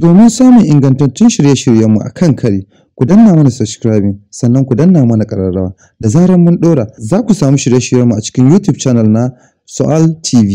Domin samun ingantattun shirye-shiryenmu a kan kare, ku danna mana subscribing sannan ku danna mana ƙararrawa. Da zarar mun ɗora, za ku samu shirye-shiryenmu a cikin YouTube channel na Soal TV.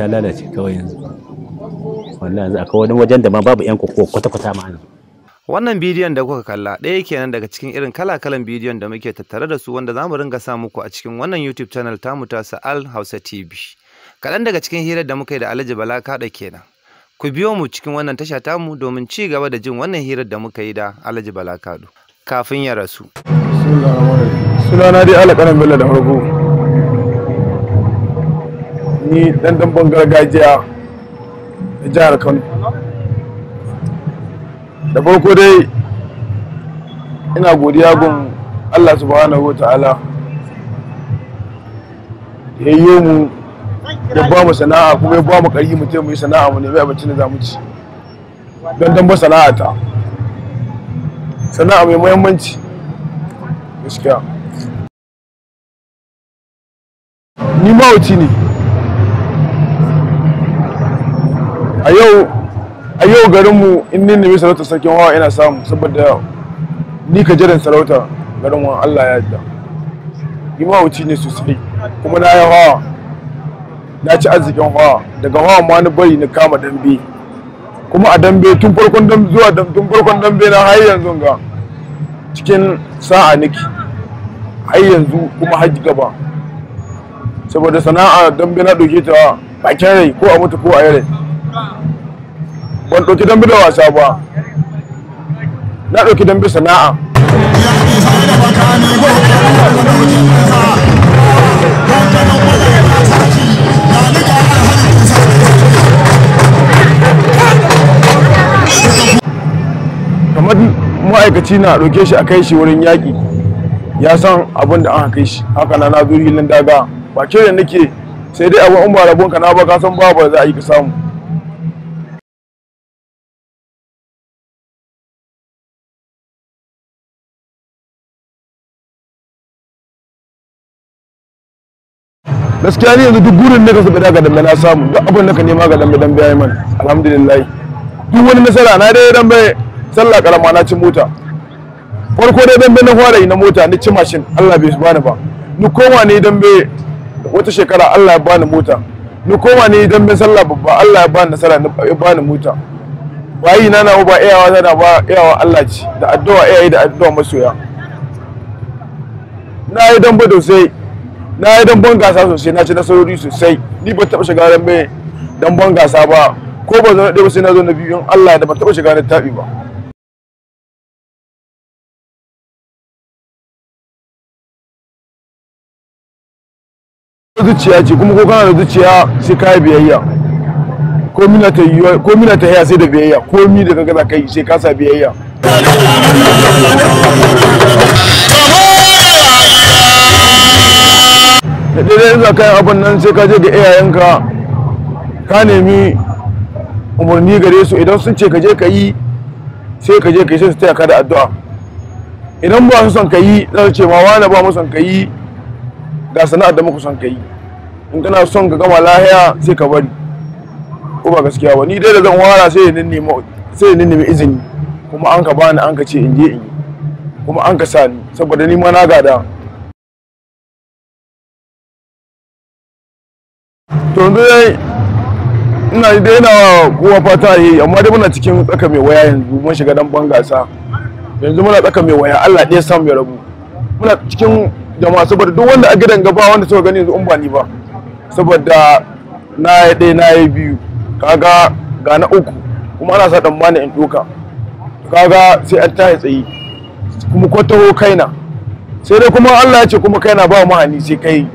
ta lalace kawai yanzu wannan yanzu akwai wani wajen da ma babu yan koko kwata-kwata ma wannan bidiyon da kuka kalla ɗaya kenan daga cikin irin kala-kalan bidiyon da muke tattare da su wanda za mu ringa sa muku a cikin wannan youtube channel ta mu ta al hausa tv kaɗan daga cikin hirar da muka yi da alhaji bala kaɗa kenan ku biyo mu cikin wannan tasha tamu domin ci gaba da jin wannan hirar da muka yi da alhaji bala kaɗo kafin ya rasu sunana dai ala bello da farko ni dan damban gargajiya na jihar kano da farko dai ina godiya gun allah subhanahu wa ta'ala ya yi mu ya ba mu sana'a kuma ya ba mu ƙarfi mu mu yi sana'a mu nemi abincin da za mu ci don damba sana'a ta sana'a mai muhimmanci gaskiya ni mawuci ne a yau garinmu in ni nemi sarautar sarkin hawa ina samu saboda ni ka jiran sarauta garin wa Allah ya yi ma mahauci ne sosai kuma na yi hawa na ci arzikin hawa daga hawa ma ni bari na kama dambe kuma a dambe tun farkon dambe zuwa tun farkon dambe na har yanzu ga cikin sa'a niki har yanzu kuma har gaba saboda sana'a dambe na ɗauke ta bakin rai ko a mutu ko a yare ban ɗauki dambe da wasa ba na ɗauki dambe sana'a kamar ma'aikaci na ɗauke shi a kai shi wurin yaƙi ya san abin da an kai shi haka na na zuri filin daga ba kiran nake sai dai abin in ba rabonka na ba ka san ba ba za a yi ka samu gaskiya ne yanzu duk gurin ne ka zubi daga dambe na samu duk abin da ka nema ga dambe dambe yayi man alhamdulillah duk wani nasara na dai dambe sallah karama na ci mota farko dai dambe na fara yi na mota ni ci mashin Allah bai bani ba ni koma ne dambe wata shekara Allah ya bani mota ni koma ne dambe sallah babba Allah ya bani nasara ya bani mota bayi na na ba iyawa za na ba iyawa Allah ci da addu'a iyayi da addu'a masoya na yi dambe da sai na yi dambon gasa sosai na ci nasarori sosai ni ba taɓa shiga ran mai dambon gasa ba ko ba zan ɗaya ba sai na zo na biyu in Allah da ba taɓa shiga ran taɓi ba zuciya ce kuma ko kana da zuciya sai ka biyayya ko mina ta yi ko mina ta haya sai da biyayya ko mi da kaga za ka sai ka sa biyayya da ɗaya yanzu ka yi abin nan sai ka je ga iyayenka ka nemi umarni gare su idan sun ce ka je ka yi sai ka je ka yi sai su taya ka da addu'a idan ba su son ka yi za su ce ma wani ba mu son ka yi ga sana'ar da muku son ka yi in kana son ka gama lahiya sai ka bari ko ba gaskiya ba ni dai da zan wara sai ya nemi sai nemi izini kuma an ka bani an ka ce in je in yi kuma an ka sa ni saboda ni ma na gada to yanzu dai ina dai ina kowa fata yi amma dai muna cikin tsaka mai waya yanzu mun shiga dan ban gasa yanzu muna tsaka mai waya Allah ɗaya samu ya rabu muna cikin jama'a saboda duk wanda a gidan gaba wanda suka gani yanzu in ba ni ba saboda na yi ɗaya na yi biyu kaga ga na uku kuma ana sa tsammani in ɗoka kaga sai an tahi tsayi kuma kwataho kaina sai dai kuma Allah ya ce kuma kaina ba mahani sai kai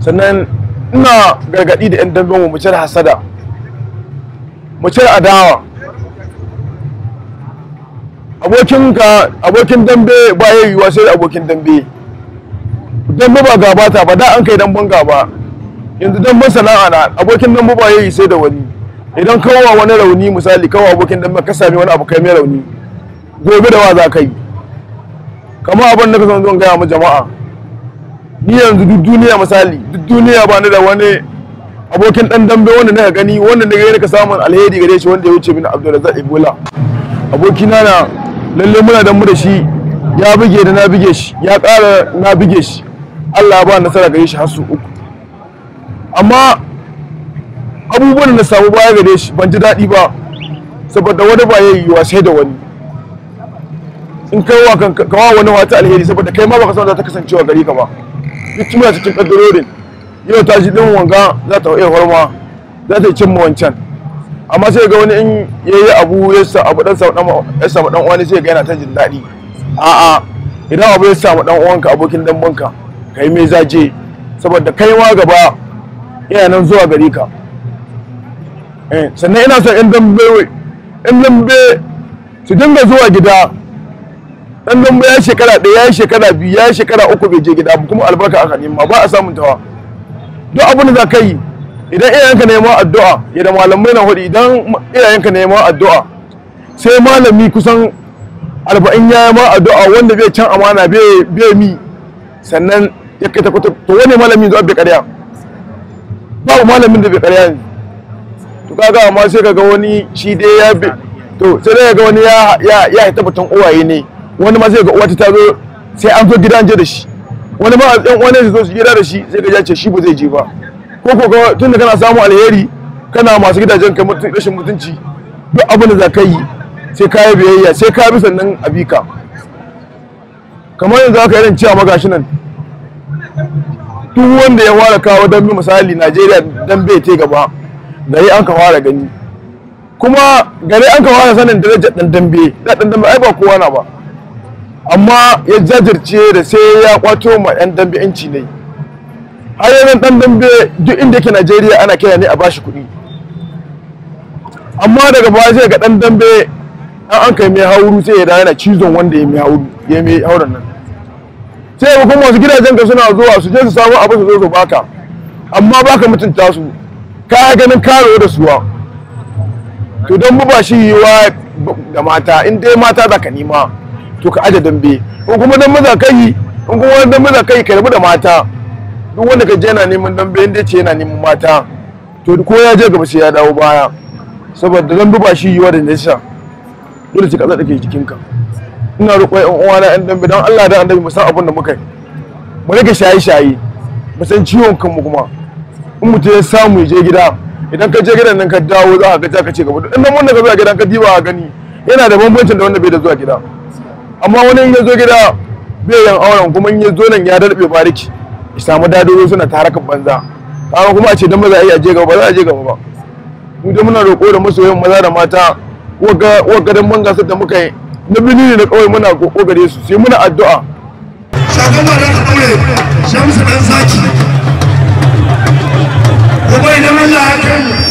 sannan ina gargadi da 'yan damben mu cire hasada mu cire adawa abokinka abokin dambe ba ya yiwuwa sai da abokin dambe dambe ba gaba ta ba da an kai damben gaba yanzu damben sana'a na abokin dambe ba ya yi sai da wani idan kawowa wani rauni misali kawowa abokin dambe ka sami wani abu kai mai rauni gobe da wa za ka yi kamar abin da ka san zan gaya ma jama'a ni yanzu duk duniya misali duk duniya ba ni da wani abokin dan dambe wanda na gani wanda na gani ka samun alheri gare shi wanda ya wuce mini Abdulrazak Ibola abokina na lalle muna dan mu da shi ya bige da na bige shi ya ƙara na bige shi Allah ba nasara gare shi har su uku amma abubuwan da na samu baya gare shi ban ji daɗi ba saboda wani ba ya yi sai da wani in kai wa kan wani wata alheri saboda kai ma baka san za ta kasancewa gari ka ba duk muna cikin kaddarorin yau ta shi ɗin wanga za ta iya horma za ta cin mu wancan amma sai ga wani in ya yi abu ya samu ɗan samu ɗan wani sai ga yana ta jin daɗi a'a idan abu ya samu ɗan uwanka abokin dan banka yi mai zaje saboda kai ma gaba yana nan zuwa gari ka eh, sannan ina son yan dambe su dinga zuwa gida dan nan ya shekara ɗaya ya shekara biyu ya shekara uku bai je gida kuma albarka aka nema ba a samun tawa duk abin da za ka yi idan iyayenka ne ma addu'a ya da malamai na hudu idan iyayenka ne ma addu'a sai malami kusan arba'in ya ma addu'a wanda bai can amana bai mi sannan ya kai ta kwata to wani malami zuwa bai karya babu malamin da bai karya ne to kaga amma sai kaga wani shi dai ya to sai dai ga wani ya ya ya tabbatan uwaye ne wani ma sai ga uwata ta zo sai an zo gidan je da shi wani ma 'yan uwan zai zo su gida da shi sai ka ce shi ba zai je ba ko ko ga tunda kana samu alheri kana masu gidajen ka rashin mutunci duk abin da za ka yi sai ka yi biyayya sai ka bi sannan abika kamar yanzu aka yi cewa magashi nan duk wanda ya fara kawo dambe misali najeriya dambe te gaba gari an ka fara gani kuma gari an ka fara sanin daraja dan dambe da dan dambe ai ba kowa na ba amma ya jajirce da sai ya kwato ma yan dambe inci ne har yanzu dan dambe duk inda yake Najeriya ana kira ne a bashi kuɗi amma daga baya zai ga dan dambe an an kai mai hauru sai ya da yana cizon wanda ya mai hauru ya mai hauran nan sai ga kuma wasu gidajen ka suna zuwa su je su samu abu su zo su baka amma baka mutunta su ka ganin karo da suwa to don mu ba shi yiwa da mata in dai mata za ka nima to ka aje dambe in kuma dan maza kai in kuma dan maza kai ka rabu da mata duk wanda ka je yana neman dambe inda ce yana neman mata to ko ya je gaba sai ya dawo baya saboda dan duba shi yiwa da nisa dole sai ka yi cikin jikinka ina roƙon ƴan uwana ƴan dambe don Allah da annabi mu san abin da muka yi mu rage shaye-shaye mu san ciwon kanmu kuma in mutum ya samu ya je gida idan ka je gidan nan ka dawo za ka ga ka ce gaba in nan wanda ka zuwa gidan ka diba a gani yana da bambancin da wanda bai da zuwa gida amma wani in ya zo gida bai yan auren kuma in ya zo nan ya dalbe bariki ya samu dadoro suna tarakan banza amma kuma a ce dan ba za a iya je gaba ba za a je gaba ba mu da muna roƙo da masoyan maza da mata waga waga dan banga gasar da muka yi na bini ne na kawai muna kokare su sai muna addu'a shagon ma da kaure shamsu dan zaki ko bai da mallaka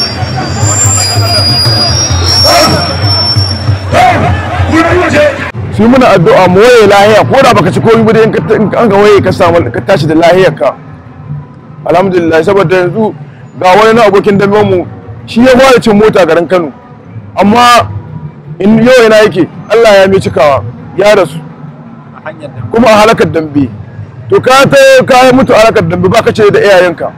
su yi muna addu'a mu waye lahiya ko da baka ci komai ba dai in ka ga waye ka samu ka tashi da lahiyar ka alhamdulillah saboda yanzu ga wani na abokin dambe mu shi ya fara cin mota garin Kano amma in yau yana yake Allah ya mai cikawa ya rasu kuma a halakar dambe to ka ta ka mutu a halakar dambe baka ce da iyayenka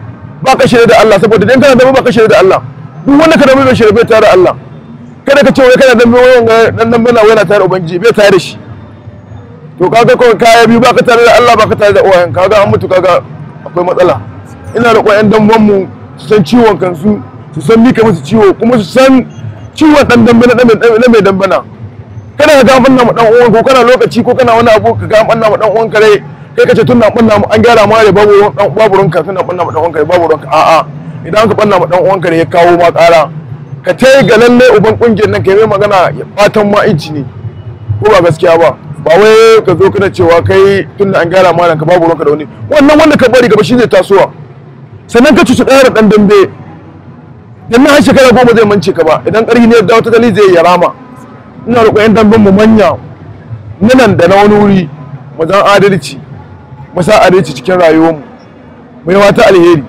baka shirya da Allah saboda idan kana dambe baka shirya da Allah duk wanda ka dambe bai shirya bai tare da Allah kada ka ce wai kana dan wani dan dan bana wai tare ubangiji bai tare da shi to kaga ko kaya biyu baka tare da Allah baka tare da uwayen kaga an mutu kaga akwai matsala ina da ƙwayan damban mu su san ciwon kansu su san mika musu ciwo kuma su san ciwon dan dambana na mai dan kada ka ga banna mu dan uwan ko kana lokaci ko kana wani abu ka ga banna mu dan uwan ka rai kai ka ce tun na banna mu an gyara ma da babu babu ranka tun na banna mu dan uwan ka babu ranka a'a idan ka banna mu dan uwan ka ya kawo ma ƙara ka ta yi ga lalle uban kungiyar nan ka yi magana fatan ma inci ne ko ba gaskiya ba ba wai ka zo kana cewa kai tunda an gyara malam ka babu ruwanka da wani wannan wanda ka bari gaba shi tasowa sannan ka cuci ɗaya da ɗan dambe dan na shekara goma zai mance ka ba idan ƙarfi ne ya dawo ta zai yi ina roƙon yan damben mu manya nan da na wani wuri mu zan adalci mu sa adalci cikin rayuwarmu mu yi wata alheri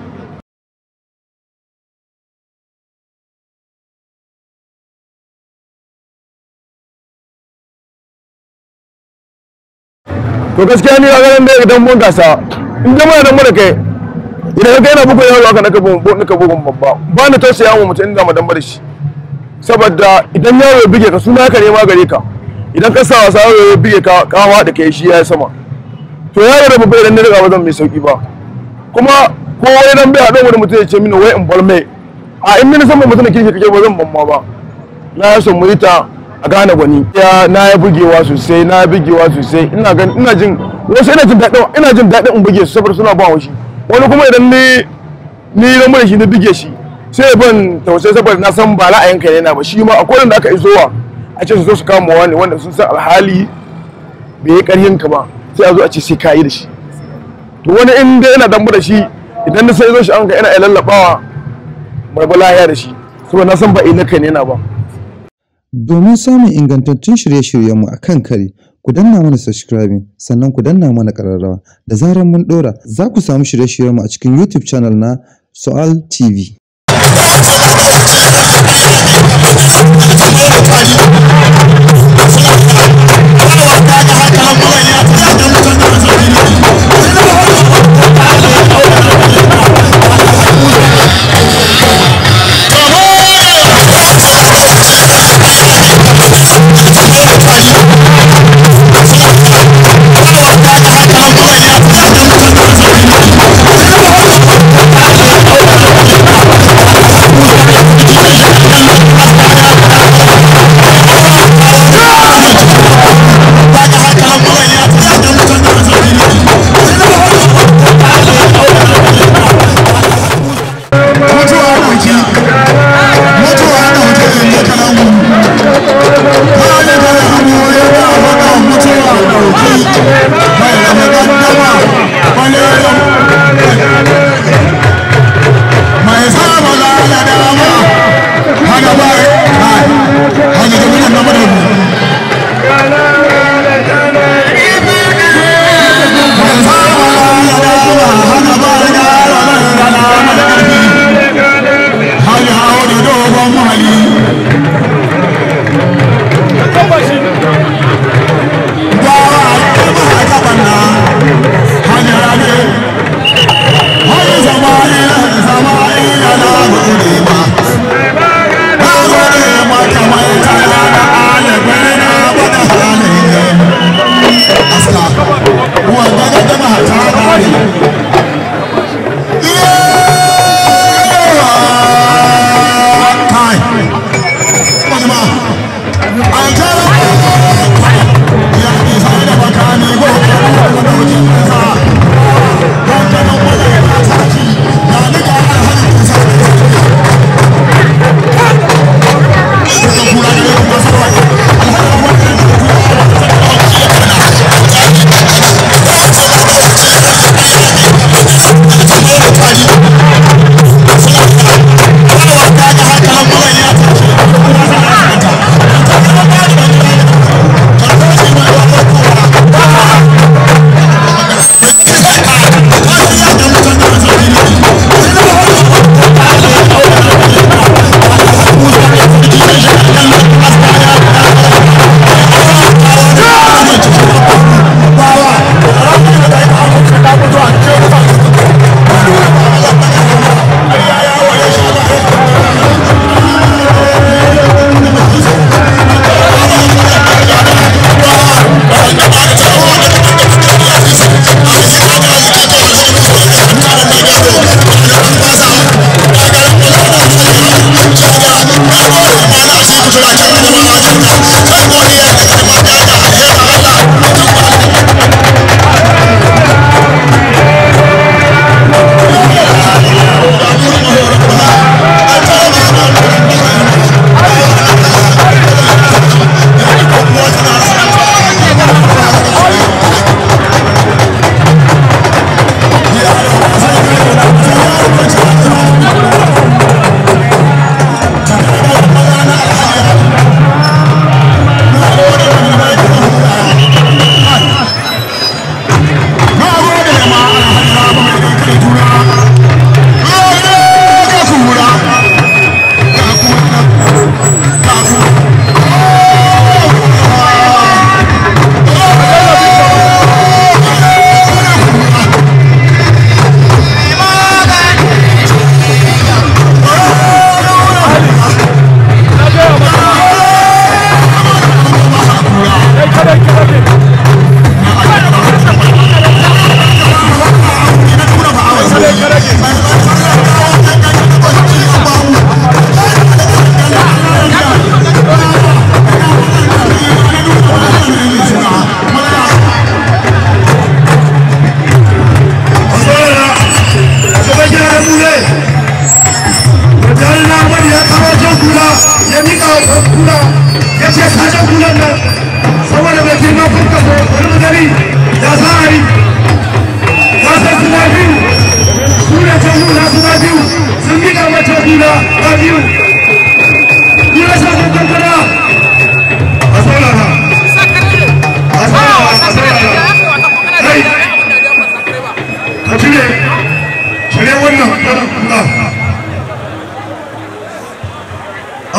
to gaskiya ni a ganin da idan mun gasa in ga mana mu da kai idan kai yana bugun yaro haka naka bugun naka bugun babba ba ni tausaya mu mutum inda mu dan bar shi saboda idan yaro ya bige ka suna ka nema gare ka idan ka sa wasa yaro ya bige ka kawa da kai shi ya sama to yaro da babba idan ne daga wajen mai sauki ba kuma ko wani dan bai haɗo wani mutum ya ce mini wai in bar mai a in mini san mutum da kirki kake ba zan ban ma ba na ya son mu ta. a gane gwani ya na ya bugewa sosai na ya bugewa sosai ina gan ina jin wasu ina jin daɗin ina jin daɗin in buge su saboda suna ba shi wani kuma idan ni ni na mura shi na buge shi sai ban tausayi saboda na san ba la'ayin kai yana ba shi ma akwai da aka izowa a ce su zo su kama wani wanda sun san alhali bai yi ƙarhin ka ba sai a zo a ce sai ka yi da shi to wani in dai ina dambu da shi idan na sai zo shi an ka ina lallabawa mai bala ya da shi saboda na san ba ina kai yana ba Domin samun ingantattun shirye-shiryenmu a kan kare, ku danna mana subscribing sannan ku danna mana ƙararrawa. Da zarar mun ɗora, za ku samu shirye-shiryenmu a cikin YouTube channel na Soal TV.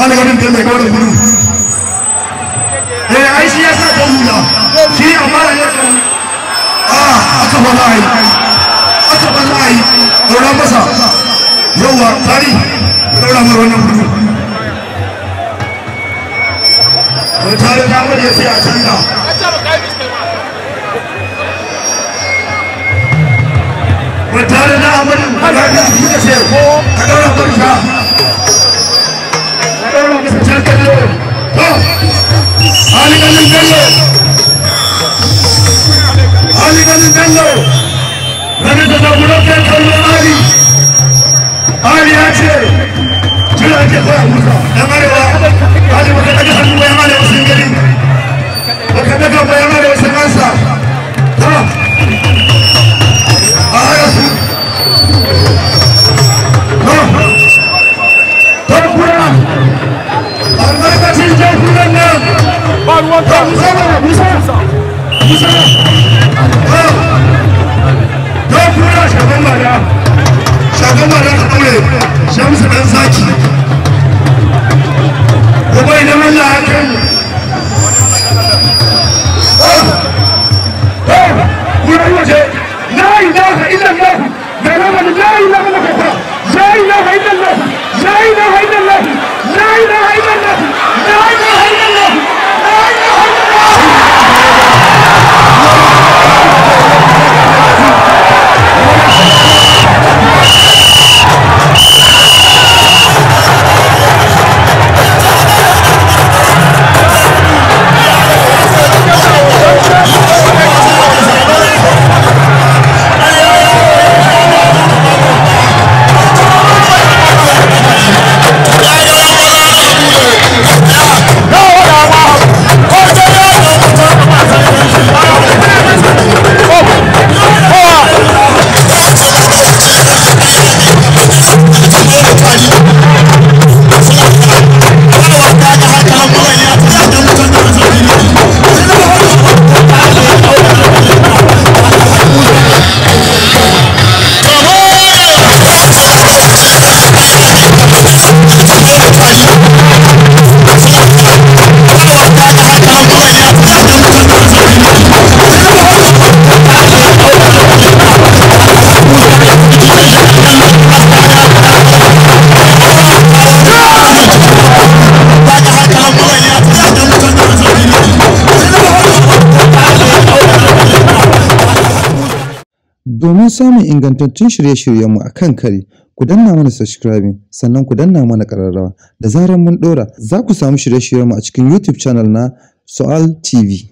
wani garin da mai kawai gudu eh ai shi ya sa ta hula shi amma da ya kan ah aka ba lai aka ba masa yawa tari gudu wani tare ta bari ya sai a canza na ko ka करो विसर्जन हाँ। हाँ, कर लो तो आलिंगन कर लो आलिंगन कर लो मैंने तो बुढ़ो के कर लो आली आली आज जुड़ा के खोया मुझा हमारे वहाँ आज वो कहता कि हम वो हमारे मुस्लिम करी वो कहता कि वो हमारे ba ruwan ka musa musa don kura shagan bada shagan bada ka ɗaure zaki Domin samun ingantattun shirye-shiryenmu a kan kare, ku danna mana subscribing sannan ku danna mana ƙararrawa. Da zarar mun ɗora, za ku samu shirye-shiryenmu a cikin YouTube channel na Soal TV.